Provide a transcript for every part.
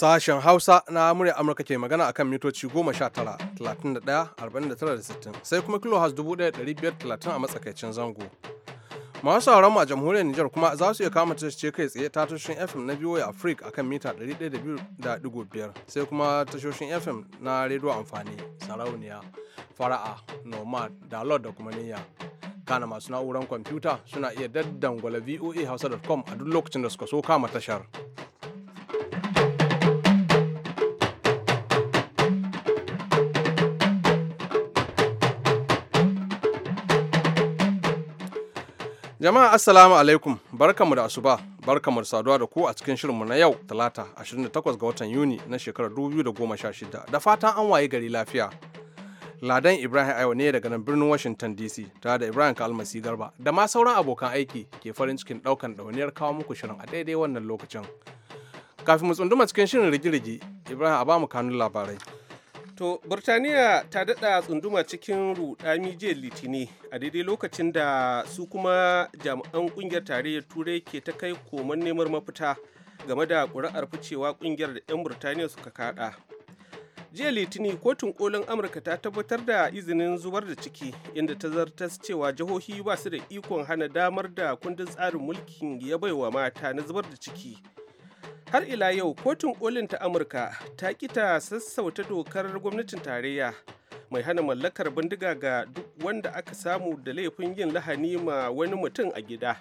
Sashen Hausa na murya Amurka ke magana akan mitoci 19, 31, 49 sai kuma kilohas 1530 a matsakaicin zango. Masu sauran a jamhuriyar Nijar kuma za su iya kama tashoshi kai tsaye ta tashoshin FM na VOA Africa akan mita 102.5 sai kuma tashoshin FM na rediyo amfani sarauniya fara'a nomad da lord da kuma niyya kana masu na'uran kwamfuta suna iya daddangwala voa hausa.com a duk lokacin da suka so kama tashar. Jama'a Assalamu alaikum, barkamu da asuba, barkamu da saduwa da ku a cikin shirinmu na yau Talata 28 ga watan Yuni na shekarar 2016 da fatan an waye gari lafiya. Ladan Ibrahim Ayo ne daga nan birnin Washington DC tare da Ibrahim Kalmasi Garba da ma sauran abokan aiki ke farin cikin daukan ɗauniyar kawo muku shirin a daidai wannan lokacin. Kafin mu tsunduma cikin shirin rigirigi Ibrahim a ba mu kanun labarai. To, Burtaniya ta daɗa tsunduma cikin rudami jiya litini a daidai lokacin da su kuma jami'an ƙungiyar tarayyar turai ke ta kai koman neman mafita game da ƙuri'ar ficewa ƙungiyar da 'yan Burtaniya suka kaɗa. Jiya litini kotun kolin Amurka ta tabbatar da izinin zubar da ciki inda ta zartas cewa jihohi ba su da ikon hana damar da kundin tsarin mulkin ya baiwa mata na zubar da ciki. har ila yau kotun kolin ta amurka ta kita sassauta dokar gwamnatin tarayya mai hana mallakar bindiga ga duk wanda aka samu da laifin yin lahani ma wani mutum a gida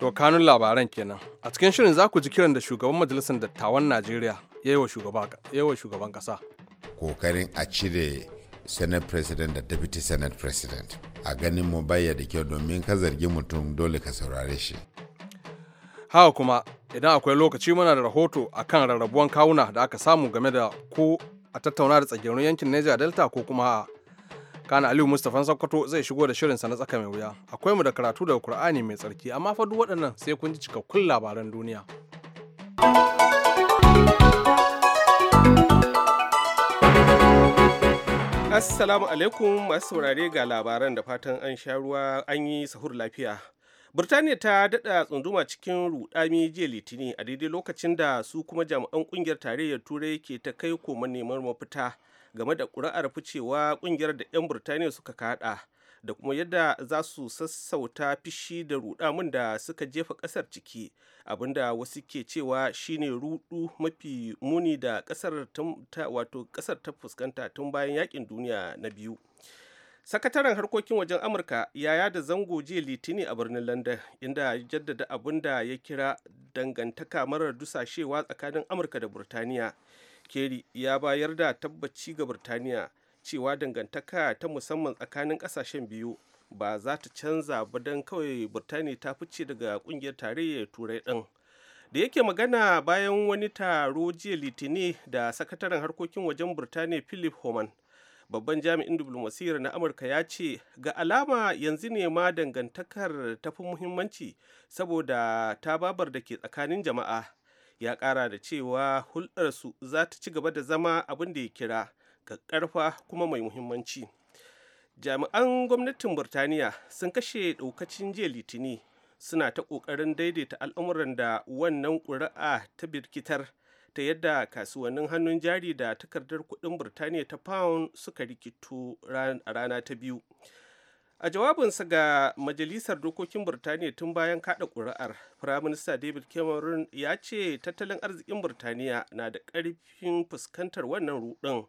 to labaran kenan a cikin shirin za ku ji kiran da shugaban majalisar dattawan najeriya ya yi wa shugaban ƙasa. kokarin a cire senate president da deputy senate president a ganin mu bayyana da kyau domin ka zargi mutum dole ka saurare shi haka kuma idan akwai lokaci muna da rahoto a kan rarrabuwan kawuna da aka samu game da ko a tattauna da tsagerun yankin Niger Delta ko kuma a kana Aliyu Mustapha Sokoto zai shigo da shirinsa na tsaka mai wuya akwai mu da karatu daga Kur'ani mai tsarki amma fa duk waɗannan sai kun ji cikakkun labaran duniya Assalamu alaikum masu saurare ga labaran da fatan an sha ruwa an yi sahur lafiya Birtaniya ta dada tsunduma cikin rudami jiya litini a daidai lokacin da su kuma jami'an kungiyar tarayyar turai ke ta kai koma neman mafita game da ƙuri'ar ficewa kungiyar da 'yan Birtaniya suka kada da kuma yadda za su sassauta fishi da rudamin da suka jefa kasar ciki abinda wasu ke cewa shine rudu mafi muni da kasar ta fuskanta tun bayan yakin duniya na biyu. sakataren harkokin wajen amurka ya yada zango jiya litini a birnin london inda ya jaddada abin da ya kira dangantaka marar dusashewa tsakanin amurka da burtaniya keri ya bayar da tabbaci ga burtaniya cewa dangantaka ta musamman tsakanin ƙasashen biyu ba za ta canza ba don kawai burtaniya ta fice daga kungiyar tarayyar turai ɗin, da yake magana bayan wani taro jiya litini da sakataren harkokin wajen burtaniya philip homan babban jami'in diplomasiyyar na amurka ya ce ga alama yanzu ne ma dangantakar ta fi muhimmanci saboda ta babar da ke tsakanin jama'a ya kara da cewa hulɗarsu za ta ci gaba da zama abin da ya kira ga ƙarfa kuma mai muhimmanci jami'an gwamnatin burtaniya sun kashe ɗaukacin jiya litini suna ta ƙoƙarin daidaita al'amuran da wannan ƙuri'a ta birkitar ta yadda kasuwannin hannun jari da takardar kuɗin Burtaniya ta pound suka rikito rana ta biyu. A jawabinsa ga Majalisar Dokokin Burtaniya tun bayan kada ƙuri'ar, Firaminista David Cameron ya ce tattalin arzikin Burtaniya na da ƙarfin fuskantar wannan ruɗin.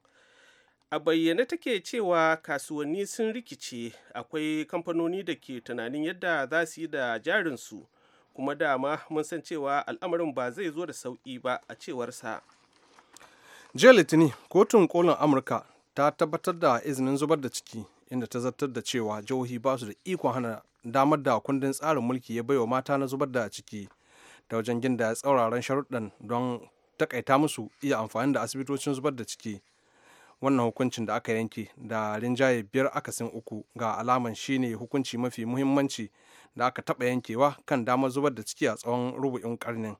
A bayyane take cewa kasuwanni sun rikice akwai kamfanoni da ke tunanin yadda za su yi da jarinsu. su. kuma dama mun san cewa al'amarin ba zai zo da sauƙi ba a cewarsa jiya litinin kotun kolin amurka ta tabbatar da izinin zubar da ciki inda ta zartar da cewa jihohi ba su da ikon hana damar da kundin tsarin mulki ya baiwa mata na zubar da ciki da wajen ginda tsauraran sharuɗan don takaita musu iya amfani da asibitocin zubar da ciki wannan hukuncin da aka yanke da rinjaye biyar akasin uku ga alaman shine hukunci mafi muhimmanci da aka taɓa yankewa kan damar zubar da ciki a tsawon rubu'in karnin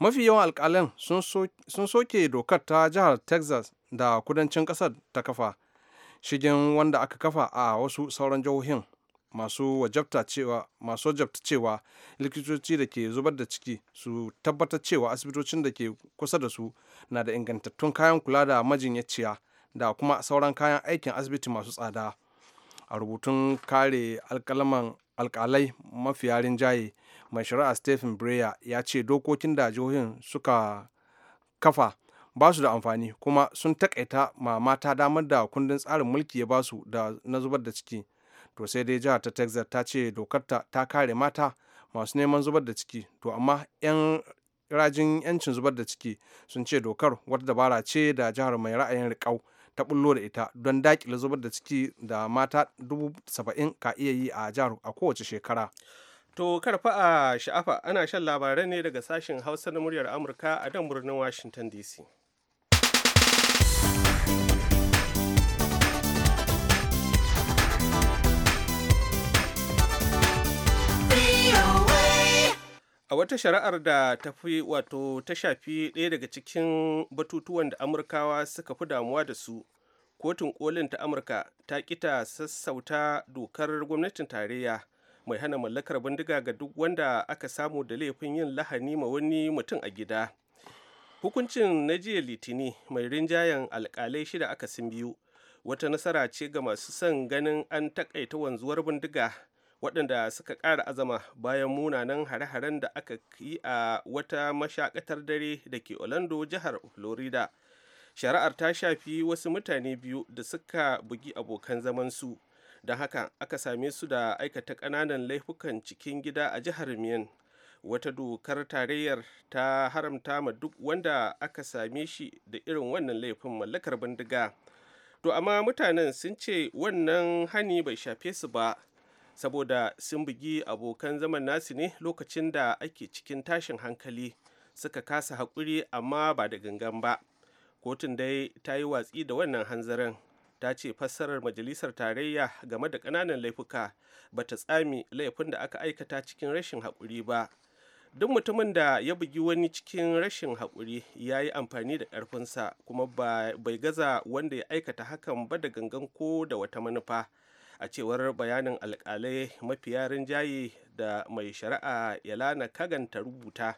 mafi yawan alkalan sun soke dokar ta jihar texas da kudancin ƙasar ta kafa shigin wanda aka kafa a wasu sauran jihohin masu wajabta cewa masu wajabta cewa likitoci da ke zubar da ciki su tabbatar cewa asibitocin da ke kusa da su na da ingantattun kayan kula da majinyaciya da kuma sauran kayan aikin asibiti masu tsada a rubutun kare alkalaman alkalai mafiya rinjaye mai shari'a stephen breyer ya ce dokokin da jihohin suka kafa ba su da amfani kuma sun takaita ma mata damar da kundin tsarin mulki ya ba su da na zubar da ciki to sai dai jihar ta texas ta ce dokarta ta kare mata masu neman zubar da ciki to amma 'yan rajin 'yancin zubar da ciki sun ce dokar wata dabara ce da jihar mai ra'ayin riƙau ta bullo da ita don dakile zubar da ciki da mata dubu saba'in ka iya yi a jihar a kowace shekara. To karfa a sha'afa ana shan labarai ne daga sashen Hausa na muryar Amurka a dan birnin Washington DC. a wata shari'ar da ta fi wato ta shafi ɗaya daga cikin batutuwan da amurkawa suka fi damuwa da su kotun kolin ta amurka ta kita sassauta dokar gwamnatin tarayya mai hana mallakar bindiga ga duk wanda aka samu da laifin yin lahani ma wani mutum a gida hukuncin na jiya litini mai rinjayen alkalai shida aka sun biyu wata nasara ce ga masu son ganin an takaita wanzuwar bindiga waɗanda suka ƙara azama bayan munanan hare-haren da aka yi a wata mashakatar dare da ke orlando jihar florida shari'ar ta shafi wasu mutane biyu da suka bugi abokan zamansu don haka aka same su da aikata ƙananan laifukan cikin gida a jihar miyan wata dokar tarayyar ta haramta ma duk wanda aka same shi da irin wannan laifin mallakar bindiga to amma mutanen sun ce wannan hani bai shafe su ba saboda sun bugi abokan zaman nasu ne lokacin da ake cikin tashin hankali suka kasa haƙuri amma ba da gangan ba kotun dai ta yi watsi da wannan hanzarin ta ce fassarar majalisar tarayya game da ƙananan laifuka ba ta tsami laifin da aka aikata cikin rashin haƙuri ba duk mutumin da ya bugi wani cikin rashin haƙuri ya yi amfani da ƙarfinsa kuma bai gaza wanda ya aikata hakan ba da gangan ko da wata manufa a cewar bayanin alkalai mafiya rinjaye da mai shari'a yalana kagan ta rubuta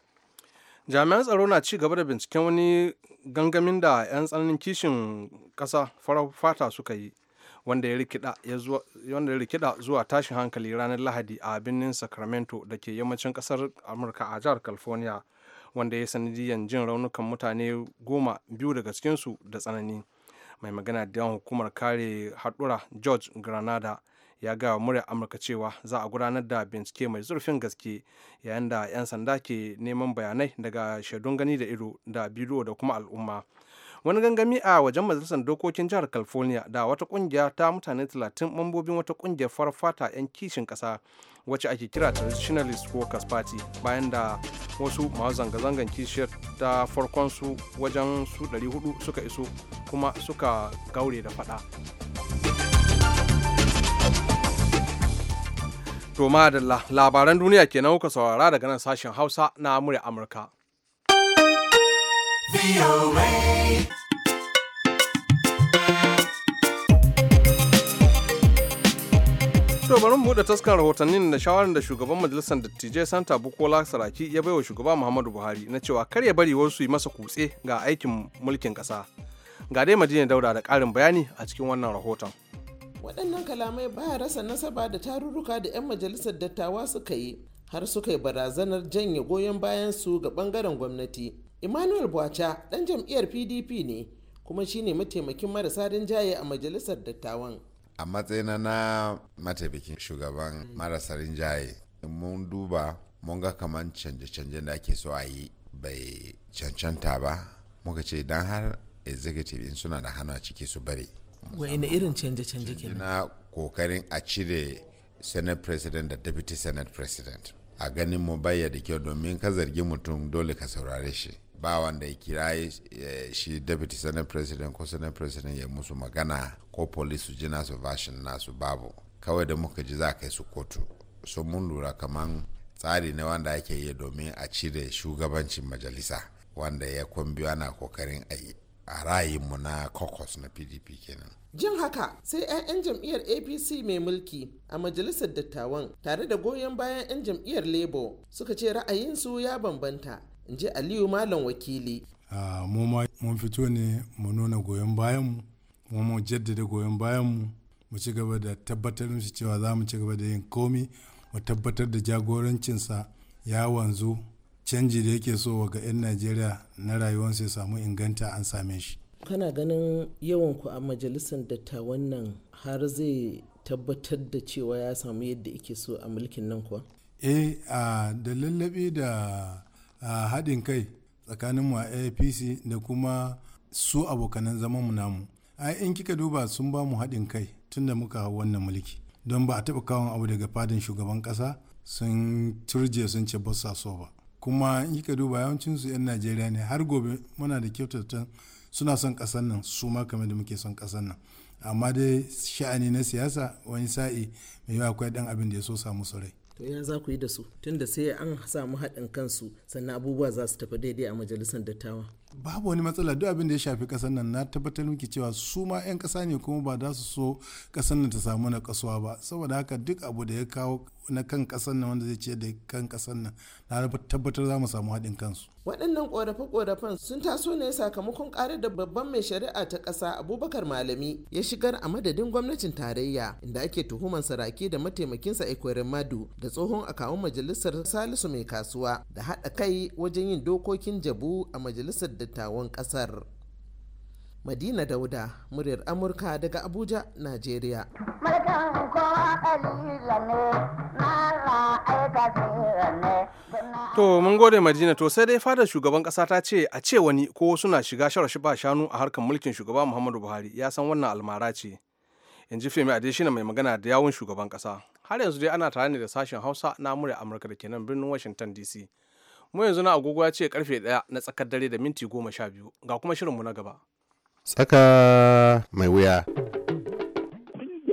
jami'an tsaro na ci gaba da binciken wani gangamin da 'yan tsananin kishin kasa farar fata suka yi wanda ya rikida zuwa tashin hankali ranar lahadi a birnin sacramento da ke yammacin kasar amurka a jihar california wanda ya sanadiyan jin raunukan mutane goma biyu daga cikinsu da tsanani mai magana da yawan hukumar kare haɗura george granada ya ga murya amurka cewa za a gudanar da bincike mai zurfin gaske yayin da 'yan sanda ke neman bayanai daga shaidun gani da ido da bidiyo da kuma al'umma wani gangami a wajen majalisar dokokin jihar california da wata kungiya ta mutane 30 mambobin wata kungiyar farfata 'yan kishin kasa wacce ake kira traditionalist workers party bayan da wasu masu zanga-zangan kishiyar ta farkon su wajen su 400 suka iso kuma suka gaure da fada to madalla labaran duniya kenan kuka saurara daga nan sashen hausa na murya amurka ቪኦኤ To mu buɗe taskar rahotannin da shawarar da shugaban majalisar dattijai Santa Bukola Saraki ya baiwa shugaba Muhammadu Buhari na cewa kar ya bari wasu yi masa kutse ga aikin mulkin ƙasa. Ga dai Madina Dauda da ƙarin bayani a cikin wannan rahoton. Waɗannan kalamai baya rasa nasaba da tarurruka da 'yan majalisar dattawa suka yi har suka yi barazanar janye goyon bayan su ga ɓangaren gwamnati. emmanuel bwacha ɗan jam'iyyar pdp ne kuma shi ne mataimakin marasa rinjaye a majalisar dattawan a matsayina na mataimakin shugaban marasa rinjaye mun duba mun ga kamar canje canje da ake so a yi bai cancanta ba muka ce dan har executive in suna da hannu a ciki su bari wa'ina irin canje-canje kenan na kokarin a cire senate president da deputy senate president a ganin mu bayya da kyau domin ka zargi mutum dole ka saurare shi ba wanda ya kira eh, shi deputy senate president ko senate president ya musu magana ko police su ji nasu version nasu babu kawai da muka ji za kai su kotu so mun lura kaman tsari ne wanda ake yi domin a cire shugabancin majalisa wanda ya kwambi ana kokarin a yi a ra'ayinmu na caucus na pdp kenan jin haka sai yan jam'iyyar apc mai mulki a majalisar dattawan tare da goyon bayan 'yan jam'iyyar labour suka ce ra'ayinsu ya bambanta in ji aliyu malam wakili ah, mu mun fito ne mu nuna goyon bayanmu mu mu jaddada goyon bayanmu mu ci gaba da tabbatar musu cewa za mu ci gaba da yin komi mu tabbatar da jagorancinsa ya wanzu canji da yake so ga 'yan najeriya na rayuwarsa ya samu inganta an same shi kana ganin yawan ku a majalisar dattawan nan har zai tabbatar da cewa ya samu yadda yake so a mulkin nan kuwa eh a ah, da lallabi da a haɗin kai tsakanin mu a apc da kuma su abokanan mu namu a in kika duba sun ba mu haɗin kai tunda muka hau wannan mulki don ba a taɓa kawon abu daga fadin shugaban ƙasa sun turje sun ce ba so ba kuma in kika duba yawancinsu 'yan najeriya ne har gobe muna da kyautata suna son ƙasar nan su ma kamar da muke son ƙasar nan amma dai sha'ani na siyasa wani sa'i mai yawa akwai ɗan abin da ya so samu su to ya za ku yi da su tunda sai an samu haɗin kansu sannan abubuwa za su tafi daidai a majalisar dattawa babu wani matsala duk abin da ya shafi kasar nan na tabbatar miki cewa su ma 'yan kasa ne kuma ba za su so kasar nan ta samu na kasuwa ba saboda haka duk abu da ya kawo na kan kasan nan wanda zai ciyar da kan kasan nan na tabbatar za mu samu haɗin kansu waɗannan ƙorafe-ƙorafen sun taso ne sakamakon ƙarar da babban mai shari'a ta ƙasa abubakar malami ya shigar a madadin gwamnatin tarayya inda ake tuhuman saraki da mataimakinsa ikwerin madu da tsohon akawun majalisar salisu mai kasuwa da haɗa kai wajen yin dokokin jabu a majalisar dattawan ƙasar Madina Dauda, muryar Amurka daga Abuja, Najeriya. To mun gode Madina to sai dai fadar shugaban kasa ta ce a ce wani ko suna shiga shara shi ba shanu a harkar mulkin shugaba Muhammadu Buhari ya san wannan almara ce. In ji Femi Adeshina mai magana da yawun shugaban kasa. Har yanzu dai ana tare ne da sashen Hausa na murya Amurka da kenan birnin Washington DC. Mu yanzu na agogo ya ce karfe daya na tsakar dare da minti goma sha biyu, ga kuma shirin mu na gaba. tsaka mai wuya.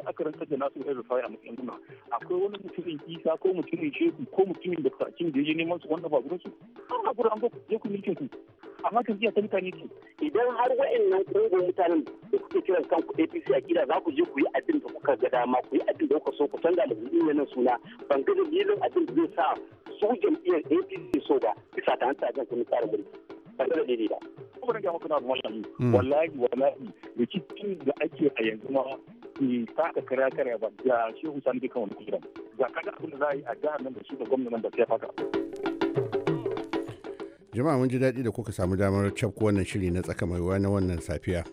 akwai wani mutumin ku mulkin idan har wa'annan mutanen da kiran kan a kira za ku je ku yi kuka ga dama ku yi abin suna ban dalilin abin da zai sa su jam'iyyar APC so ba bisa ta hanta jan mulki ban ga ba. kuma rage maka mm. wallahi wallahi da ake a yanzu ma ke taka kara kara ba da shehu sani dukan wani kujiran ga kaga abin da za a yi a jihar nan da shi da gwamnan da sai faka jama'a mun ji daɗi da kuka samu damar cafko wannan shiri na tsaka mai na wannan safiya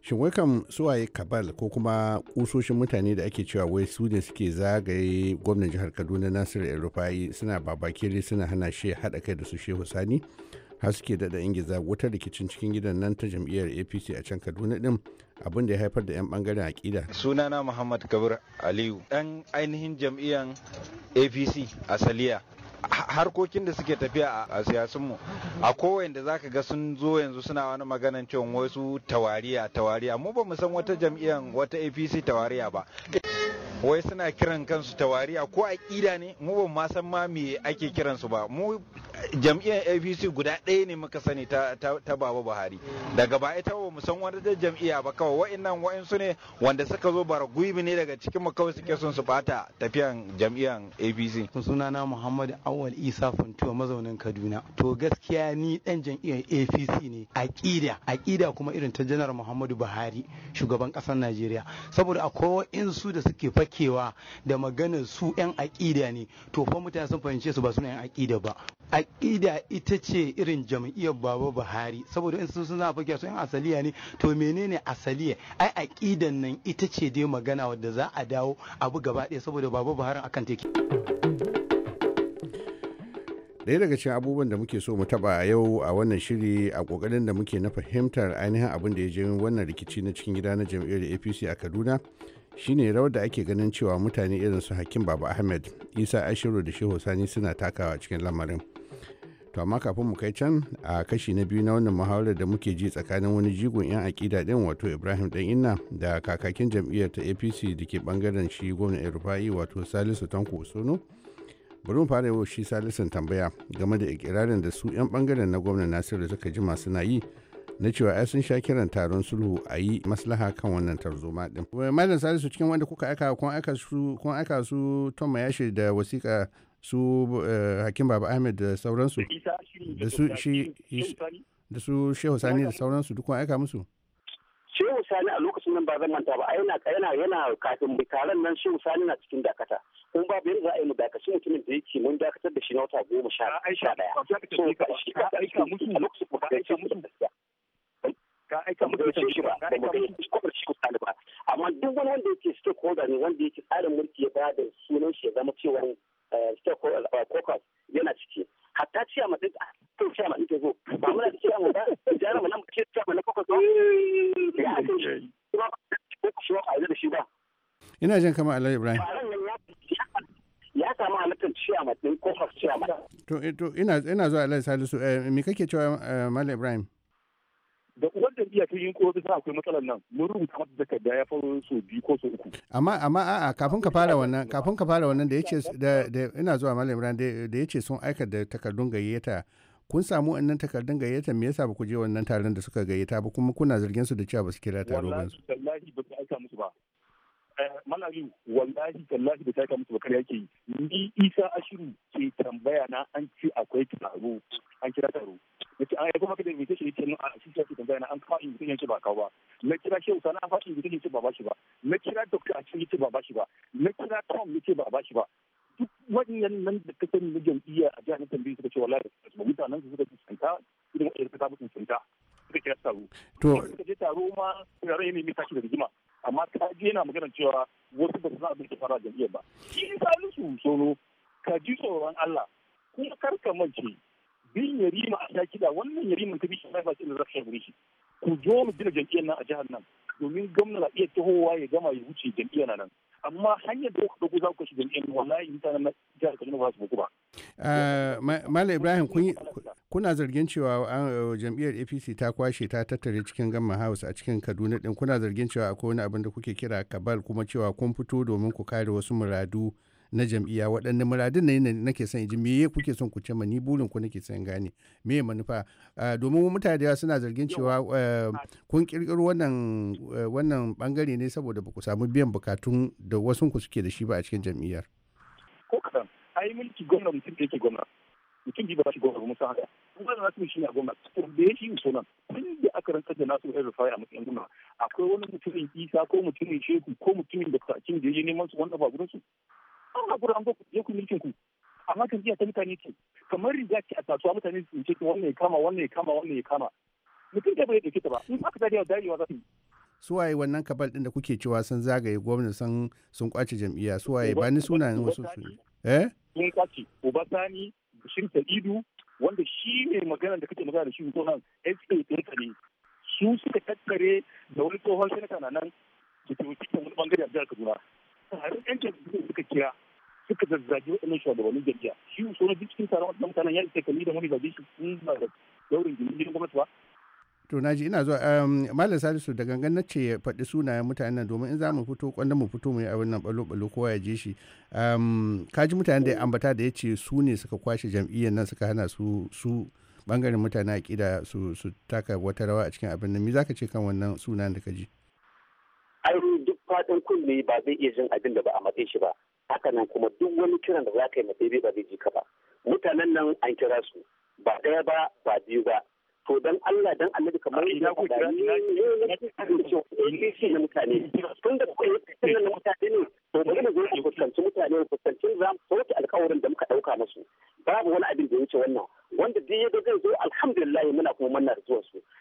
shin wai kam suwaye kabal ko kuma kusoshin mutane da ake cewa wai su ne suke zagaye gwamnan jihar kaduna nasiru el rufai suna babakere suna hana shi haɗa kai da su shehu sani haske da da giza wutar rikicin cikin gidan nan ta jam'iyyar apc a can kaduna din abin da ya haifar da 'yan bangaren akida sunana muhammad kabir aliyu dan ainihin jam'iyyar apc a saliya harkokin da suke tafiya a siyasunmu a kowanda da zaka ga sun zo yanzu suna wani maganan cewa wasu tawariya tawariya mu ba mu san wata jam'iyyar wata apc tawariya ba wai suna kiran kansu tawariya ko aƙida ne mu ba ma san ma me ake kiransu ba mu jam'iyyar apc guda ɗaya ne muka sani ta, baba buhari daga ba ita ba san wani da jam'iyya ba kawai wa'annan wa'insu ne wanda suka zo bara gwibi ne daga cikin kawai suke sun su bata tafiyan jam'iyyar apc sunana muhammad awal isa fantuwa mazaunin kaduna to gaskiya ni dan jam'iyyar apc ne aƙida aƙida kuma irin ta janar muhammadu buhari shugaban ƙasar najeriya saboda akwai wa'insu da suke fakewa da maganar su 'yan aƙida ne to fa mutane sun fahimce su ba suna 'yan aƙida ba aƙida ita ce irin jam'iyyar baba buhari saboda in sun suna fakiya su yan asaliya ne to menene asaliya ai aƙidan nan ita ce dai magana wadda za a dawo abu gaba ɗaya saboda baba buhari akan teki ɗaya daga cikin abubuwan da muke so mu taba yau a wannan shiri a ƙoƙarin da muke na fahimtar ainihin abin da ya je wannan rikici na cikin gida na jam'iyyar apc a kaduna shine rawar da ake ganin cewa mutane irin su hakim baba ahmed isa ashiru da shehu sani suna takawa cikin lamarin to amma kafin mu kai can a kashi na biyu na wannan muhawarar da muke ji tsakanin wani jigon 'yan akida din wato ibrahim dan inna da kakakin jam'iyyar ta apc da ke bangaren shi gwamnan rufa'i wato salisu tanko sono bari mu fara yau shi salisun tambaya game da ikirarin da su 'yan bangaren na gwamnan nasiru suka ji masu na yi na cewa ai sun sha kiran taron sulhu a yi maslaha kan wannan tarzoma din malam salisu cikin wanda kuka aika kun aika su kun tom yashi da wasiƙa su eh, hakim baba ahmed da sauransu da su shi da su shehu sani da sauransu duk aika musu shehu sani a lokacin nan ba zan manta ba yana yana yana kafin bikaran nan shehu sani na cikin dakata kuma babu yadda za a yi mu dakaci mutumin da yake mun dakatar da shi na wata goma sha ɗaya ka aika musu ka aika musu ka aika musu shi ba ka amma duk wani wanda yake stakeholder ne wanda yake tsarin mulki ya bada sunan shi ya zama cewa Ina eh, eh, yana ciki hatta ciya ma a kan ya ake shi ba shi ba da shi ba. ina ibrahim. ya samu halittar ciya ma ciya to ina zuwa alayi salisu eh, me kake cewa malam ibrahim. da uwar jam'iyya ta yi ko sa akwai matsalar nan mun rubuta mata takarda ya faru so biyu ko so uku amma amma a'a kafin ka fara wannan kafin ka fara wannan da yace da ina zuwa malam Imran da yace sun aika da takardun gayyata kun samu wannan takardun gayyata me yasa ba ku je wannan taron da suka gayyata ba kuma kuna zargin su da cewa ba su kira taro ba wallahi ba su aika musu ba Eh, malayu wallahi tallahi da taka musu bakar yake yi ni isa ashiru ke tambaya na an ce akwai taro an kira taro yace an aiko maka da invitation yace no a shi ke tambaya na an kawo invitation yake ba kawo ba na kira shehu sana an faɗi invitation yake ba ba shi ba na kira doctor a yace ba ba shi ba na kira tom yake ba ba shi ba duk waɗannan nan da ka sani na jam'iyya a jihar tambayi suka ce wallahi da mutanen su suka fuskanta irin wa'ir ta fuskanta suka kira taro to suka je taro ma yaron yana yi nemi tashi da rigima amma ta ji yana magana cewa wasu ba su san abin da fara jam'iyyar ba shi Salisu su tsoro ka ji tsoron Allah kuma kar ka mace bin yarima a sha kiɗa wannan Yarima ta bi shi ba shi da zafi shi ku zo mu gina jam'iyyar nan a jihar nan domin gwamna na iya tahowa ya gama ya wuce jam'iyyar nan amma hanyar da kuka za ku kashe jam'iyyar wallahi na jihar Kaduna ba su buku ba. Eh, Malam Ibrahim kuna zargin cewa eh, jam'iyyar APC ta kwashe ta tattare cikin Gamma House a cikin Kaduna din kuna zargin cewa akwai wani abin da kuke kira kabal kuma cewa kun fito domin ku kare wasu muradu na jam'iyya waɗanne muradin ne nake son ji meye kuke son ku ce ma ni burin ku nake son gane me manufa domin mutane da yawa suna zargin cewa eh, kun kirkiro wannan eh, wannan bangare ne saboda ba ku samu biyan bukatun da wasu ku suke da shi ba a cikin jam'iyyar ko kadan ai mulki gwamna mutum da yake gwamna mutum bi ba shi gwamna musa haka kuma na nasu shi ne a gwamna to da ya shi sunan tun da aka rantsar da nasu ɗan rufaya a matsayin gwamna akwai wani mutumin isa ko mutumin shehu ko mutumin da kakin da ya neman su wanda ba gurin su na haƙura an je ku mulkin ku amma kan jiya ta mutane ce kamar riga ce a kasuwa mutane su ce wannan ya kama wannan ya kama wannan ya kama mutum da bai da kita ba in aka da darewa za su yi suwaye wannan kabal din da kuke cewa sun zagaye gwamna san sun kwace jam'iyya suwaye ba ni sunayen wasu su eh sun kwace obasani bashir sa'idu wanda shi ne magana da kake magana da shi tsohon sa ɗinka ne su suka tattare da wani tsohon sanata na nan da ke wani bangare a jihar kaduna taron yan jam'iyyar suka kira suka zazzagi waɗannan shugabannin jam'iyya shi so na cikin taron waɗannan mutanen ya isa kalli da wani zage shi sun ba da daurin jirgin gwamnati ba. to naji ina zuwa um, malam salisu da gangan na ce ya faɗi sunayen mutanen nan domin in za mu fito kwanda mu fito mu yi abin nan balo balo kowa ya je shi um, ka ji mutanen da ya ambata da ya ce su ne suka kwashe jam'iyyar nan suka hana su su bangaren mutane a ƙida su taka wata rawa a cikin abin nan me za ka ce kan wannan sunan da ka ji. ai faɗin kunne ba zai iya jin abin da ba a matse shi ba hakanan kuma duk wani kiran da za ka yi ba zai ji ka ba mutanen nan an kira su ba ɗaya ba ba biyu ba to dan Allah dan Allah kamar ina ku kira ina ce ne mutane tun da kuka yi na mutane ne to bari mu zo ku fuskanci mutane ku fuskanci za mu sauke alƙawarin da muka dauka musu babu wani abin da wuce wannan wanda duk ya zai zo alhamdulillah muna kuma manna da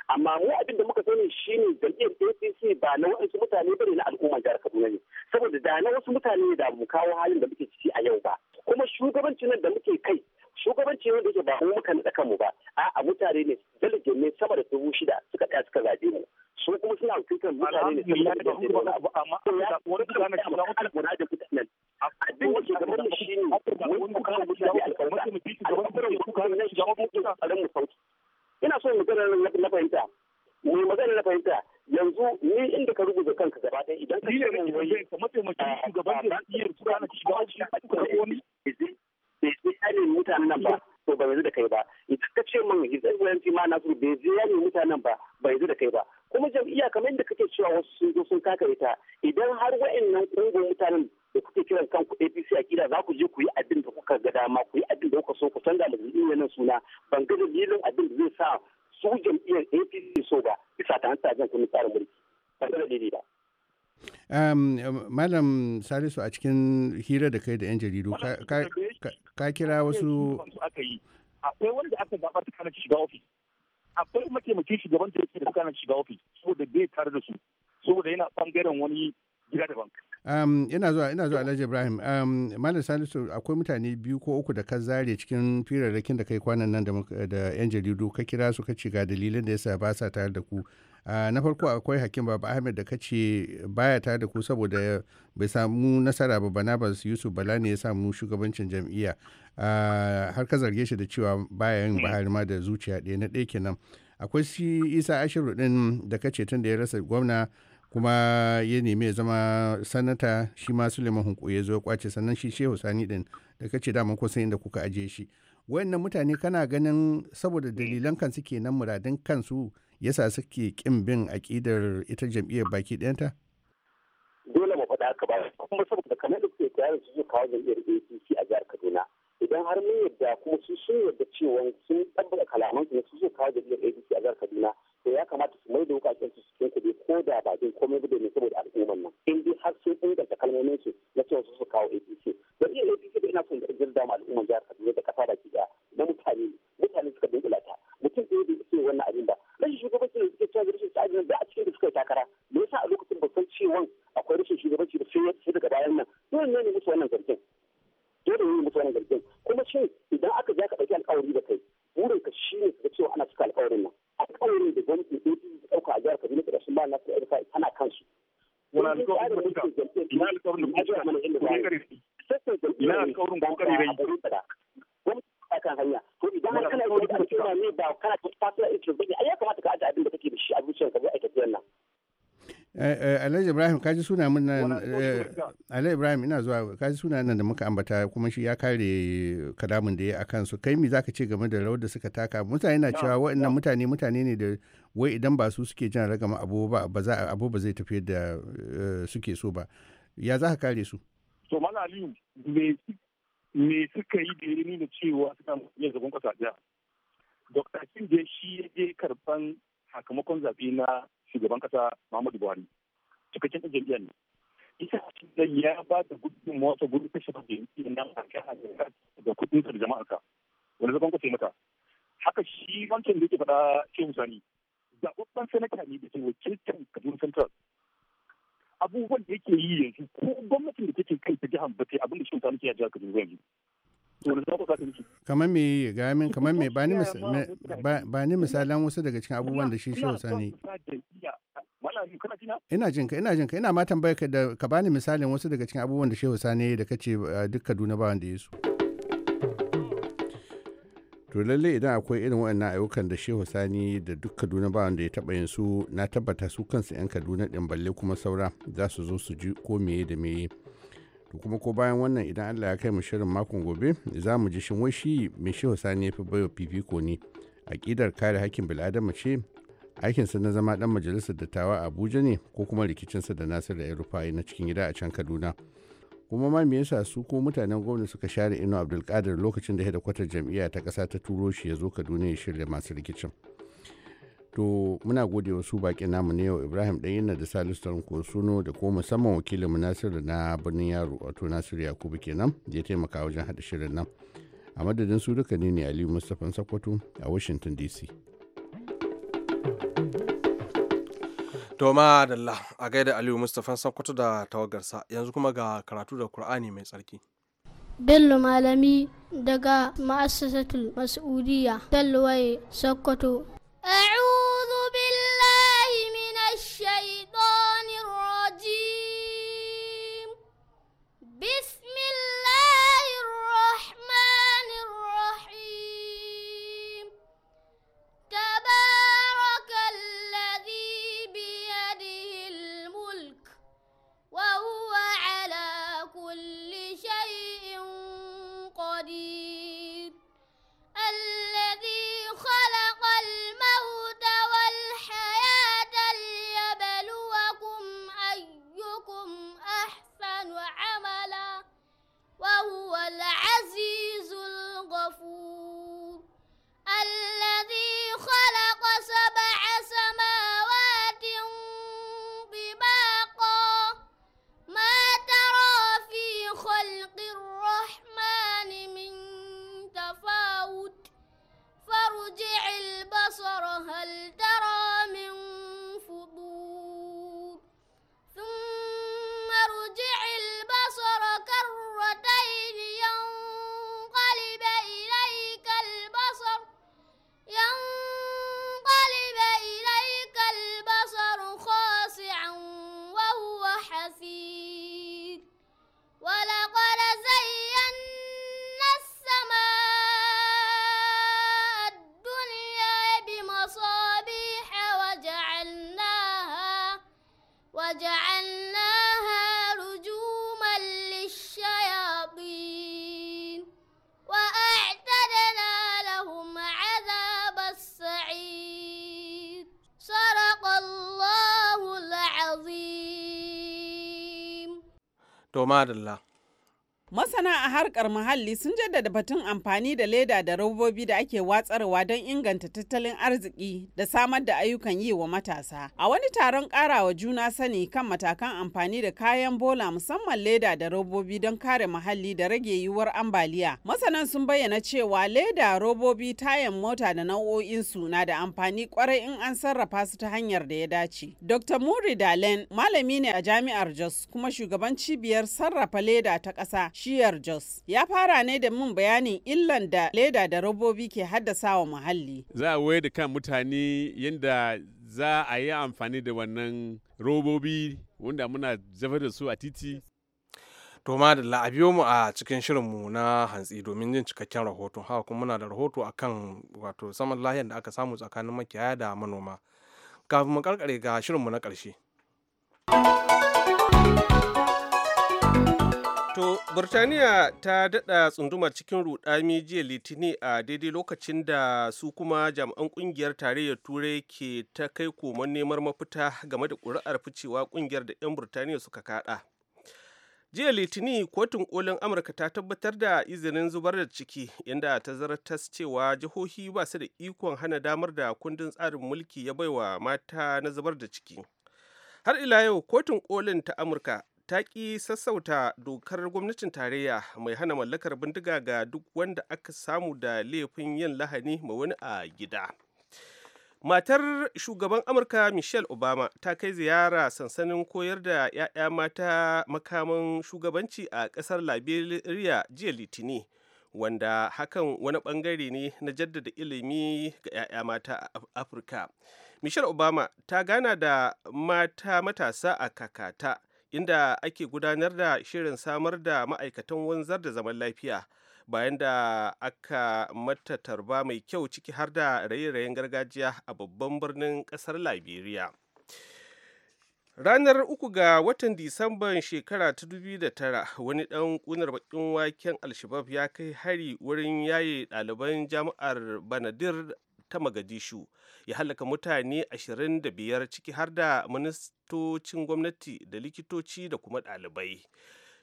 amma mu abin da muka sani ne jam'iyyar acc ba na wasu mutane bane na al'ummar jihar Kaduna ne saboda da na wasu mutane da mu kawo halin da muke ciki a yau ba kuma shugabancin nan da muke kai shugabanci wanda yake ba kuma kan tsaka mu ba a a mutare ne dalilin ne sama da dubu shida suka tsaya suka zaɓe mu su kuma suna hukuntar mutane ne sama da dubu shida amma wani da na shiga wani guda da mutanen abin da ke gaban da shi ne wani kuma mun kuka mutane alƙawarta kuma kuka na shiga wani kuma a mu sauki ina so mu magana na fahimta mai magana na fahimta yanzu ni inda ka rubuta kanka gaba ɗaya idan ka ce mai wani mataimakin ah, shugaban da iya su kana shiga malam salisu a cikin hira da kai da yan jaridu ka kira wasu akwai wanda aka zaɓa ta kana shiga ofis akwai mataimakin shugaban da yake da kana shiga ofis saboda bai tare da su saboda yana bangaren wani gida daban Um, ina zuwa ina zuwa Alhaji Ibrahim um, Malam Salisu akwai mutane biyu ko uku da ka zare cikin firarrakin da kai kwanan nan da yan jaridu ka kira su ka ci ga dalilin da yasa ba sa tare da ku na farko akwai hakim baba ahmed da kace baya ta da ku saboda bai samu nasara ba bana barnabas yusuf bala ne ya samu shugabancin jam'iyya har ka zarge shi da cewa baya yin hmm. bahari ma da zuciya ɗaya na ɗaya kenan akwai shi isa ashiru din da kace tun da ya rasa gwamna kuma ya nemi ya zama sanata shi ma suleiman hunku ya zo kwace sannan shi shehu sani din da kace daman kusan inda kuka ajiye shi wayannan mutane kana ganin saboda dalilan kansu kenan muradin kansu yasa suke kin bin aƙidar ita jam'iyyar baki ɗayanta? Dole mu faɗa haka ba kuma saboda kamar da suke tare su su kawo jam'iyyar APC a jihar Kaduna. Idan har mun yadda kuma su sun yadda cewa sun tabbata kalaman su ne su su kawo jam'iyyar APC a jihar Kaduna to ya kamata su mai da wukaken su cikin kuɗi ko da ba jin komai ba domin saboda al'ummar nan. In dai har sun inganta kalmomin su na cewa su su kawo APC. Jam'iyyar APC da ina son da jirgin dama al'ummar jihar Kaduna da ƙasa da ɗaya na mutane mutane suka dole ne ne musu wannan zargin dole ne musu wannan zargin kuma shin idan aka ja ka dauki alkawari da kai burin ka shi ka cewa ana cika alƙawarin nan alƙawarin da gwamnati yi ta ɗauka a jihar Kaduna da sun ba na ta irfa ana kansu a kana yi ne ba ya kamata ka aje abin da kake a zuciyarka a nan eh, eh, Alhaji Ibrahim ka ji suna mun nan Ali Ibrahim ina zuwa ga ji suna nan da muka ambata kuma shi ya kare kalamin da ya a kansu kai mi zaka ce game da rawar da suka taka mutane na cewa waɗannan mutane mutane ne da wai idan ba su suke jan ragama abu ba ba za abu ba zai tafi da eh, suke so ba ya za ka kare su to malaliyu me me suka yi da ya nuna cewa suna iya zagon kasa dokta Dr. da shi ya je karban sakamakon zaɓe na shugaban kasa Muhammadu Buhari cikakken ɗan ne ita da ya ba da gudun motsa gudun kashe da yanki nan a kan da kudin da jama'a ka wani zaban kwace mata haka shi wancan da yake faɗa ce musani zaɓaɓɓen sanata ne da ke wakiltar kaduna central abubuwan da yake yi yanzu ko gwamnatin da take kai ta jihar ba ta abin da shi musani ke a jihar kaduna yanzu kamar me ga min kamar me ba ni ba ni misalan wasu daga cikin abubuwan da shi shi sani ina jin ka ina jin ka ina ma tambayar ka da ka bani misalin wasu daga cikin abubuwan da Shehu Sani da kace ah, duk Kaduna ba wanda yesu to lalle idan akwai irin waɗannan ayyukan da Shehu Sani da duk Kaduna ba wanda ya taba yin su na tabbata su kansu yan Kaduna din balle kuma saura za su zo su ji ko meye da meye to kuma ko bayan wannan idan Allah ya kai mu shirin makon gobe za mu ji shin wai shi mai shi sani ya fi baiwa fifiko ne aƙidar kare hakkin bil'adama ce aikinsa na zama ɗan majalisar dattawa a abuja ne ko kuma rikicinsa da nasir da rufai na cikin gida a can kaduna kuma ma me yasa su ko mutanen gwamnati suka share ino abdulkadir lokacin da kwatar jam'iyya ta ƙasa ta turo shi ya zo kaduna ya shirya masu rikicin to muna gode wasu baƙi namu ne yau ibrahim yana da salisu ko suno da ko musamman wakilin mu nasiru na birnin yaro wato nasiru yakubu kenan da ya taimaka wajen haɗa shirin nan a madadin su duka ne ne aliyu mustapha sakwato a washington dc ma Adalla a gaida Aliyu Mustapha Sokoto da tawagarsa yanzu kuma ga karatu da Kur'ani mai tsarki. Bello Malami daga Ma'assasatul Mas'udiyya Bello Waye sakwato. بصر هل to madalla Masana a harkar muhalli sun jaddada batun amfani da leda da robobi da ake watsarwa don inganta tattalin arziki da samar da ayyukan yi wa matasa. A wani taron karawa juna sani kan matakan amfani da kayan bola musamman leda da robobi don kare muhalli da rage yiwuwar ambaliya. Masanan sun bayyana cewa leda, robobi, tayan mota da nau'o'in su na da amfani kwarai in an sarrafa su ta hanyar da ya dace. Dr. Muri Dalen malami ne a jami'ar Jos kuma shugaban cibiyar sarrafa leda ta ƙasa shiyar jihar Jos ya fara ne da min bayanin illan da leda da robobi ke haddasa wa muhalli. Za a wayar da kan mutane yadda za a yi amfani da wannan robobi wanda muna zafa da su a titi. To ma da biyo mu a cikin shirinmu na hantsi domin jin cikakken rahoto. Haka kuma muna da rahoto akan wato saman lahiyar da aka samu tsakanin makiyaya da manoma. Kafin mu karkare ga shirinmu na karshe. To, Burtaniya ta daɗa tsunduma cikin rudami jiya litini a daidai lokacin da su kuma jami'an ƙungiyar tarayyar turai ke ta kai koman neman mafita game da ƙuri'ar ficewa ƙungiyar da 'yan Burtaniya suka kaɗa. Jiya litini kotun kolin Amurka ta tabbatar da izinin zubar da ciki inda ta zartas cewa jihohi ba su da ikon hana damar da kundin tsarin mulki ya baiwa mata na zubar da ciki. har ila yau kotun kolin ta amurka ta ƙi sassauta dokar gwamnatin tarayya mai hana mallakar bindiga ga duk wanda aka samu da laifin yin lahani ma wani a gida matar shugaban amurka michelle obama ta kai ziyara sansanin koyar da 'ya'ya mata makaman shugabanci a ƙasar liberia jiya litini wanda hakan wani ɓangare ne na jaddada ilimi ga 'ya'ya mata a afirka michelle obama ta gana da mata matasa a kakata inda ake gudanar da shirin samar da ma'aikatan wanzar da zaman lafiya bayan da aka mata tarba mai kyau ciki har da raye-rayen gargajiya a babban birnin kasar liberia ranar uku ga watan disamban shekara ta 2009 wani dan kunar bakin waken alshabab ya kai hari wurin yaye ɗaliban jami'ar banadir ta magadishu ya halaka mutane 25 ciki har da ministocin gwamnati da likitoci da kuma ɗalibai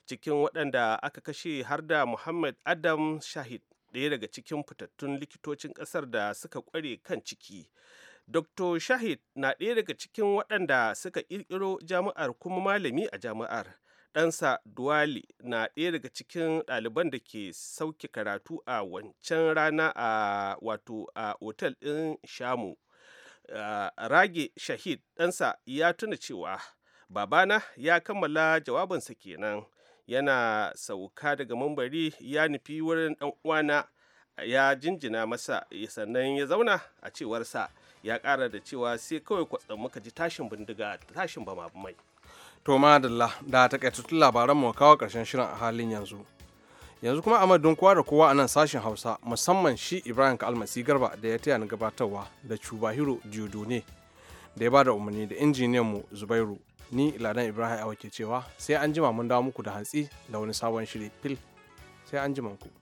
cikin waɗanda aka kashe har da muhammad adam shahid ɗaya daga cikin fitattun likitocin ƙasar da suka ƙware kan ciki dr shahid na ɗaya daga cikin waɗanda suka ƙirƙiro jami'ar kuma malami a jami'ar ɗansa duwali na ɗaya daga cikin ɗaliban da ke sauke karatu a wancan rana a wato a otal ɗin shamu Ah, rage shahid ɗansa ya tuna cewa babana ya kammala jawabinsa kenan yana sauka daga mambari ya nufi wurin ɗan'uwana uwana ya jinjina masa eh, sannan ya zauna a cewarsa ya kara da cewa sai kawai kwatsam muka ji tashin bindiga tashin ba mai to ma da takaitattun labaran mu kawo ƙarshen shirin a halin yanzu yanzu kuma a don kowa da kowa a nan sashen hausa musamman shi ibrahim kalmasi garba da ya taya ni gabatarwa da cubahiro ne da ya bada umarni da injiniyan mu zubairu ni ladan ibrahim awa ke cewa sai an jima mun dawo muku da hantsi da wani sabon shiri fil sai an jima ku